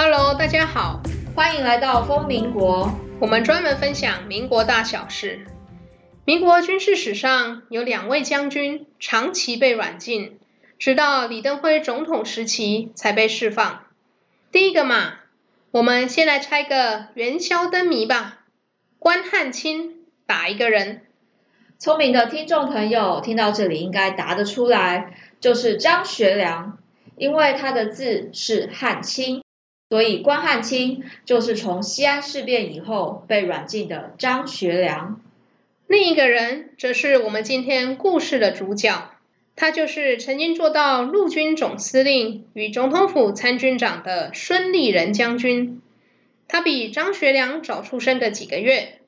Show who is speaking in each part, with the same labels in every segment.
Speaker 1: Hello，大家好，歡迎來到瘋民國。我們專門分享民國大小事。民國軍事史上有兩位將軍長期被軟禁，直到李登輝總統時期才被釋放。第一個嘛，我們先來猜個元宵燈謎吧。
Speaker 2: 關漢卿打一個人，聰明的聽眾朋友聽到這裡應該答得出來，就是張學良，因為他的字是漢卿。所以，關漢卿就是從西安事變以後被軟禁的張學良。
Speaker 1: 另一個人，則是我們今天故事的主角，他就是曾經做到陸軍總司令與總統府參軍長的孫立人將軍。他比張學良早出生的幾個月，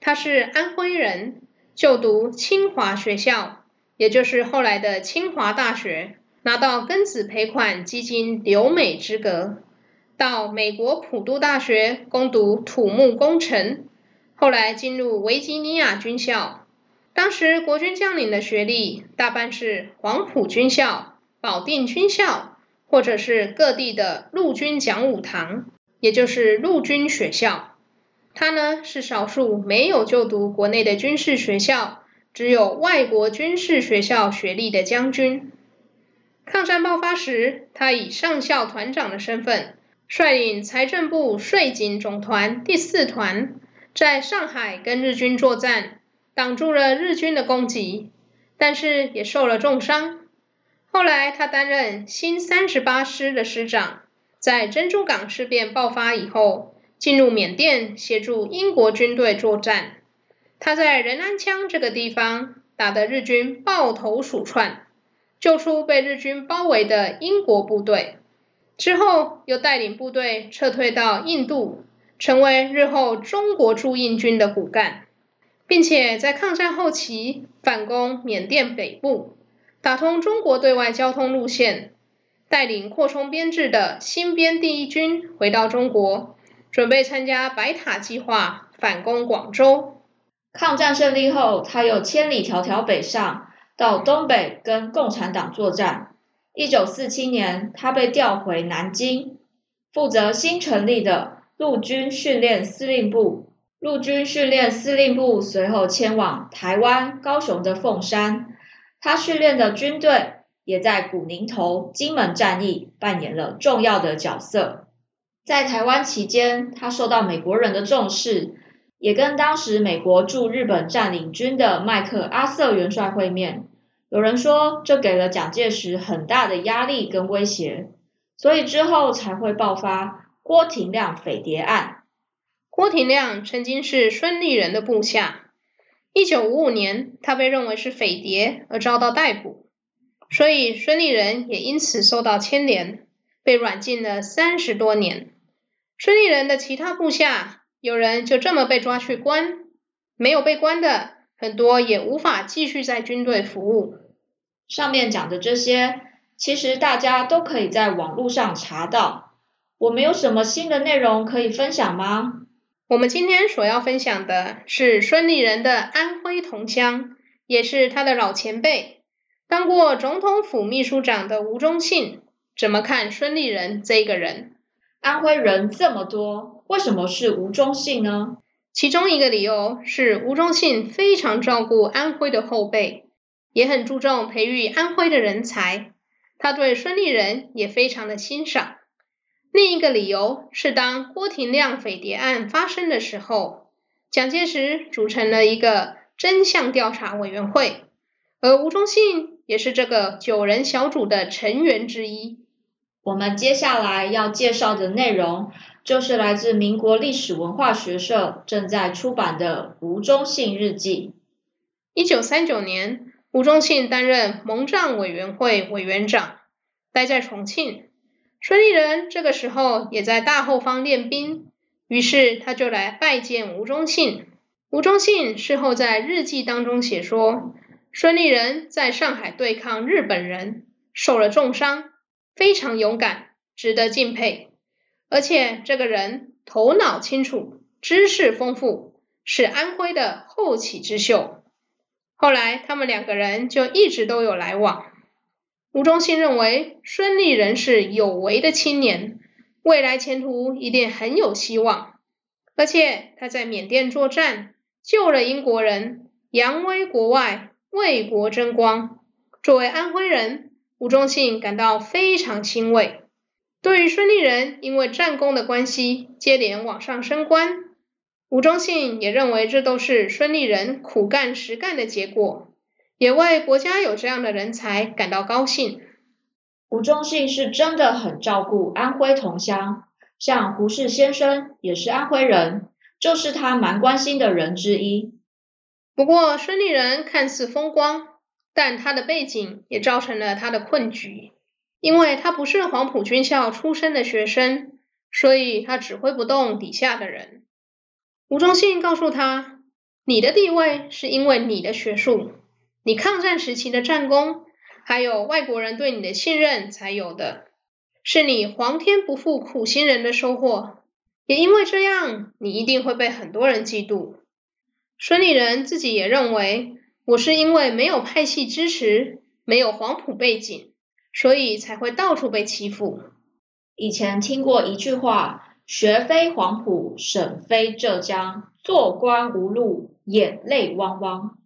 Speaker 1: 他是安徽人，就讀清華學校，也就是後來的清華大學，拿到庚子賠款基金留美資格。到美國普渡大學攻讀土木工程，後來進入維吉尼亞軍校。當時國軍將領的學歷大半是黃埔軍校、保定軍校，或者是各地的陸軍講武堂，也就是陸軍學校。他呢是少數沒有就讀國內的軍事學校，只有外國軍事學校學歷的將軍。抗戰爆發時，他以上校團長的身份，率領財政部稅警總團第四團在上海跟日軍作戰，擋住了日軍的攻擊，但是也受了重傷。後來他擔任新三十八師的師長，在珍珠港事變爆發以後，進入緬甸協助英國軍隊作戰。他在仁安羌這個地方打得日軍抱頭鼠竄，救出被日軍包圍的英國部隊。之後，又帶領部隊撤退到印度，成為日後中國駐印軍的骨幹，並且在抗戰後期反攻緬甸北部，打通中國對外交通路線，帶領擴充編制的新編第一軍回到中國，準備參加白塔計劃
Speaker 2: 反攻廣州。抗戰勝利後，他又千里迢迢北上，到東北跟共產黨作戰。一九四七年，他被調回南京，負責新成立的陸軍訓練司令部。陸軍訓練司令部隨後遷往台灣高雄的鳳山，他訓練的軍隊也在古寧頭、金門戰役扮演了重要的角色。在台灣期間，他受到美國人的重視，也跟當時美國駐日本占領軍的麥克阿瑟元帥會面。有人說，這給了蔣介石很大的壓力跟威脅，所以之後才會爆發郭廷亮匪諜案。郭廷亮曾經
Speaker 1: 是孫立人的部下，一九五五年他被認為是匪諜而遭到逮捕，所以孫立人也因此受到牽連，被軟禁了三十多年。孫立人的其他部下，有人就這麼被抓去關，沒有被關的。很多也無法繼續在軍隊服務。
Speaker 2: 上面講的這些，其實大家都可以在網絡上查到。我們有什麼新的內容可以分享嗎？我們今天所要
Speaker 1: 分享的是孫立人的安徽同鄉，也是他的老前輩，當過總統府秘書長的吳忠信，怎麼看孫立人這個人？安徽人這麼多，為什麼是吳忠信呢？其中一個理由是，吳忠信非常照顧安徽的後輩，也很注重培育安徽的人才。他對孫立人也非常的欣賞。另一個理由是，當郭廷亮匪諜案發生的時候，蔣介石組成了一個真相調查委員會，而吳忠
Speaker 2: 信也是這個九人小組的成員之一。我們接下來要介紹的內容。就是來自民國歷史文化學社正在出版的《吳忠信日記》。一九三九年，吳忠信
Speaker 1: 擔任蒙藏委員會委員長，待在重慶。孫立人這個時候也在大後方練兵，於是他就來拜見吳忠信。吳忠信事後在日記當中寫說，孫立人在上海對抗日本人，受了重傷，非常勇敢，值得敬佩。而且這個人頭腦清楚，知識豐富，是安徽的後起之秀。後來他們兩個人就一直都有來往。吳忠信認為孫立人是有為的青年，未來前途一定很有希望。而且他在緬甸作戰，救了英國人，揚威國外，為國爭光。作為安徽人，吳忠信感到非常欣慰。對於孫立人，因為戰功的關係，接連往上升官。吳忠信也認為這都是孫立人苦幹實幹的結果，也為國家
Speaker 2: 有這樣的人才感到高興。吳忠信是真的很照顧安徽同鄉，像胡適先生也是安徽人，就是他蠻關心的人之一。不過孫立人看似風光，但
Speaker 1: 他的背景也造成了他的困局。因為他不是黃埔軍校出身的學生，所以他指揮不動底下的人。吳忠信告訴他：“你的地位是因為你的學術、你抗戰時期的戰功，還有外國人對你的信任才有的，是你皇天不負苦心人的收穫。也因為這樣，你一定會被很多人嫉妒。”孫立人自己也認為：“我是因為沒有派系支持，
Speaker 2: 沒有黃埔背景。”所以才
Speaker 1: 會到處被欺負。
Speaker 2: 以前聽過一句話：“學非黃埔，省非浙江，做官無路，眼淚汪汪。”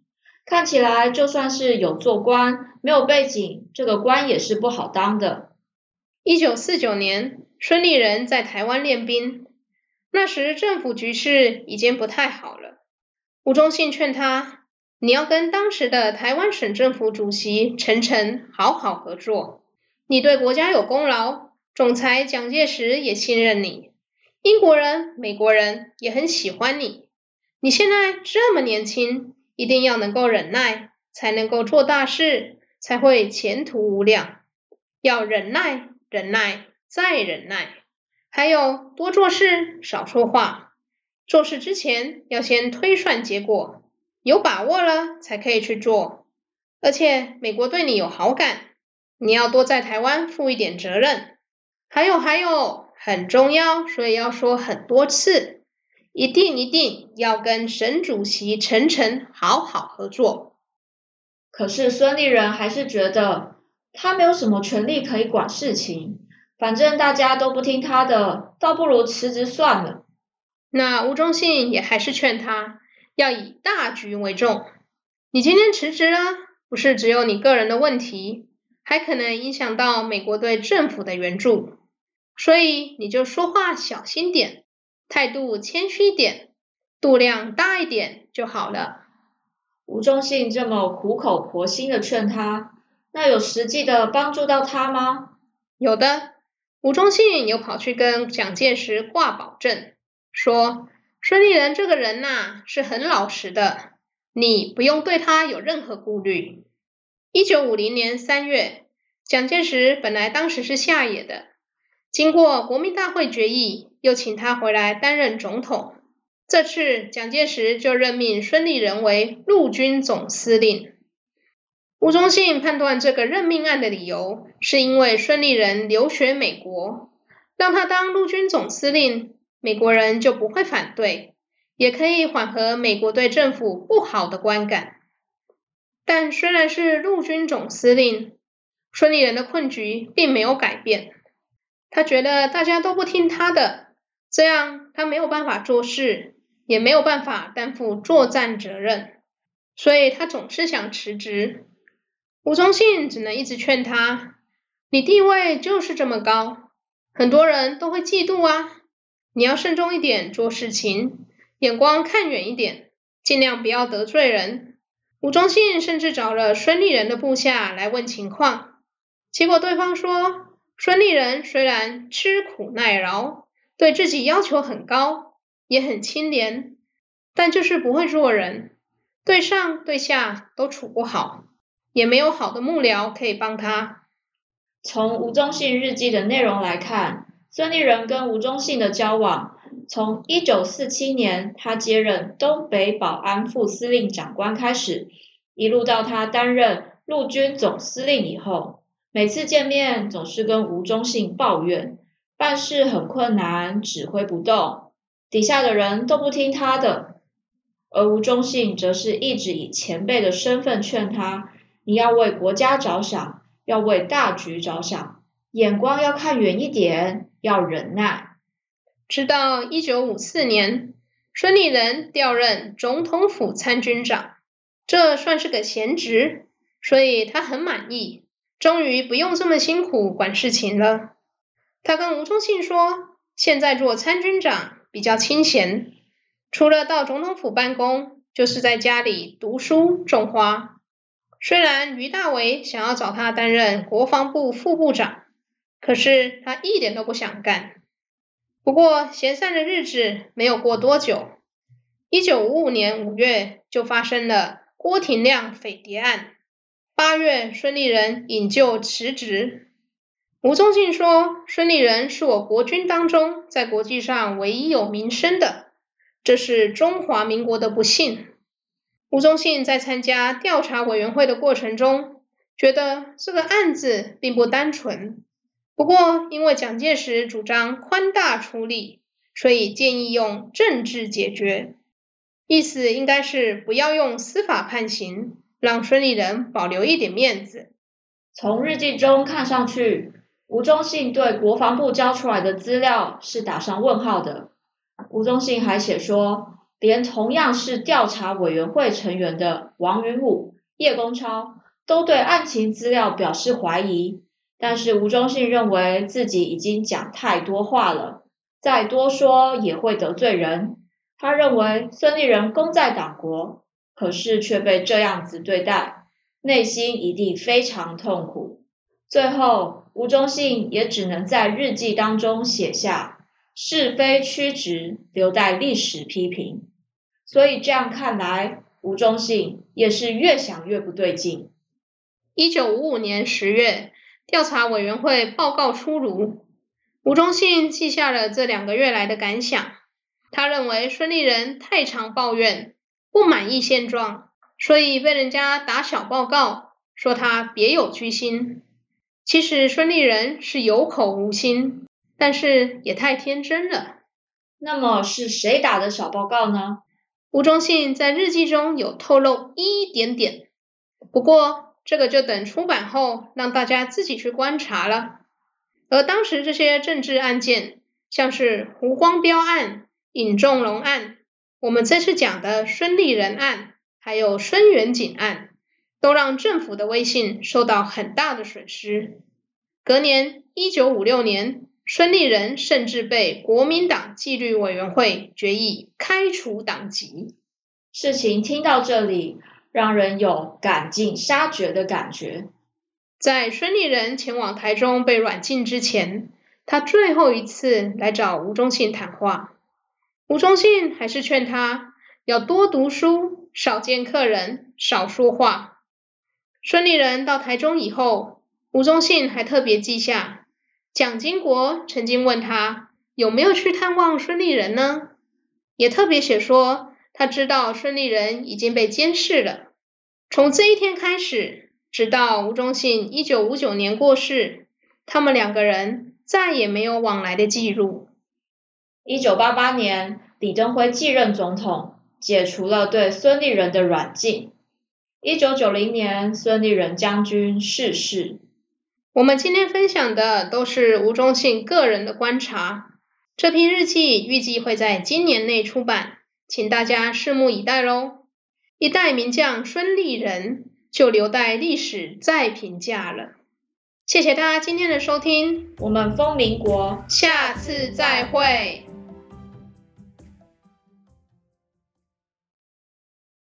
Speaker 2: 看起來就算是有做官，沒有背景，這個官也是不好當的。一九四九年，
Speaker 1: 孫立人在台灣練兵，那時政府局勢已經不太好了。吳忠信勸他：“你要跟當時的台灣省政府主席陳誠好好合作。”你對國家有功勞，總裁蔣介石也信任你，英國人、美國人也很喜歡你。你現在這麼年輕，一定要能夠忍耐，才能夠做大事，才會前途無量。要忍耐，忍耐，再忍耐。還有，多做事，少說話。做事之前要先推算結果，有把握了才可以去做。而且，美國對你有好感。你要多在台灣負一點責任，還有還有很重要，所以要說很多次，一定一定要
Speaker 2: 跟省主席陳誠好好合作。可是孫立人還是覺得他沒有什麼權利可以管事情，反正大家都不聽他的，倒不如辭職算了。那吳忠信也還是勸
Speaker 1: 他要以大局為重，你今天辭職啊，不是只有你個人的問題。還可能影響到美國對政府的援助，所以你就說話小心點，態度謙虛點，度量
Speaker 2: 大一點就好了。吳忠信這麼苦口婆心的勸他，那有實際的幫助到他嗎？有的，吳忠信
Speaker 1: 又跑去跟蔣介石掛保證，說孫立人這個人吶、啊，是很老實的，你不用對他有任何顧慮。一九五零年三月，蔣介石本來當時是下野的，經過國民大會決議，又請他回來擔任總統。這次蔣介石就任命孫立人為陸軍總司令。吳忠信判斷這個任命案的理由，是因為孫立人留學美國，讓他當陸軍總司令，美國人就不會反對，也可以緩和美國對政府不好的觀感。但雖然是陸軍總司令，孫立人的困局並沒有改變。他覺得大家都不聽他的，這樣他沒有辦法做事，也沒有辦法擔負作戰責任，所以他總是想辭職。吳忠信只能一直勸他：“你地位就是這麼高，很多人都會嫉妒啊，你要慎重一點做事情，眼光看遠一點，盡量不要得罪人。”吳忠信甚至找了孫立人的部下來問情況，結果對方說，孫立人雖然吃苦耐勞，對自己要求很高，也很清廉，但就是不會做人，對上對下都處不好，也沒有
Speaker 2: 好的幕僚可以幫他。從吳忠信日記的內容來看，孫立人跟吳忠信的交往，從一九四七年，他接任東北保安副司令長官開始，一路到他擔任陸軍總司令以後，每次見面總是跟吳忠信抱怨，辦事很困難，指揮不動，底下的人都不聽他的。而吳忠信則是一直以前輩的身份勸他，你要為國家着想，要為大局着想，眼光要看遠一點，要忍耐。直到一九五四年，孫立人調
Speaker 1: 任總統府參軍長，這算是個閒職，所以他很滿意，終於不用這麼辛苦管事情了。他跟吳忠信說，現在做參軍長比較清閒，除了到總統府辦公，就是在家裡讀書種花。雖然俞大維想要找他擔任國防部副部長，可是他一點都不想幹。不過，閒散的日子沒有過多久，一九五五年五月就發生了郭廷亮匪諜案。八月，孫立人引咎辭職。吳忠信說，孫立人是我國軍當中在國際上唯一有名聲的，這是中華民國的不幸。吳忠信在參加調查委員會的過程中，覺得這個案子並不單純。不過，因為蔣介石主張寬大處理，所以建議用政治解決，意思應該是不要用司法判刑，讓孫立人保留一點面
Speaker 2: 子。從日記中看上去，吳忠信對國防部交出來的資料是打上問號的。吳忠信還寫說，連同樣是調查委員會成員的王雲五、葉公超，都對案情資料表示懷疑。但是吳忠信認為自己已經講太多話了，再多說也會得罪人。他認為孫立人功在黨國，可是卻被這樣子對待，內心一定非常痛苦。最後，吳忠信也只能在日記當中寫下是非曲直，留待歷史批評。所以這樣看來，吳忠信也是越想越不對勁。一九五五年十月，調查委員會報告出爐，吳忠
Speaker 1: 信記下了這兩個月來的感想。他認為孫立人太常抱怨，不滿意現狀，所以被人家打小報告，說他別有居心。其實孫立人是有口無心，但是也太天真了。那麼是誰打的小報告呢？吳忠信在日記中有透露一點點，不過。這個就等出版後讓大家自己去觀察了。而當時這些政治案件，像是胡光彪案、尹仲容案，我們這次講的孫立人案，還有孫元景案，都讓政府的威信受到很大的損失。隔年，一九五六年，孫立人
Speaker 2: 甚至被國民黨紀律委員會決議開除黨籍。事情聽到這裡。讓人有趕盡殺絕的感覺。在孫立人前往台中被軟禁之前，他最後一
Speaker 1: 次來找吳忠信談話，吳忠信還是勸他要多讀書，少見客人，少說話。孫立人到台中以後，吳忠信還特別記下，蔣經國曾經問他有沒有去探望孫立人呢，也特別寫說。他知道孫立人已經被監視了。從這一天開始，直到吳忠信一九五九年過世，他們兩個人再也沒有往來的
Speaker 2: 記錄。一九八八年，李登輝繼任總統，解除了對孫立人的軟禁。一九九零年，孫立人將軍逝世。
Speaker 1: 我們今天分享的都是吳忠信個人的觀察。這篇日記預計會在今年內出版。請大家拭目以待嘍！一代名將孫立人就留待歷史再評價了。謝謝大家今天的收聽，我們瘋民國下次再會。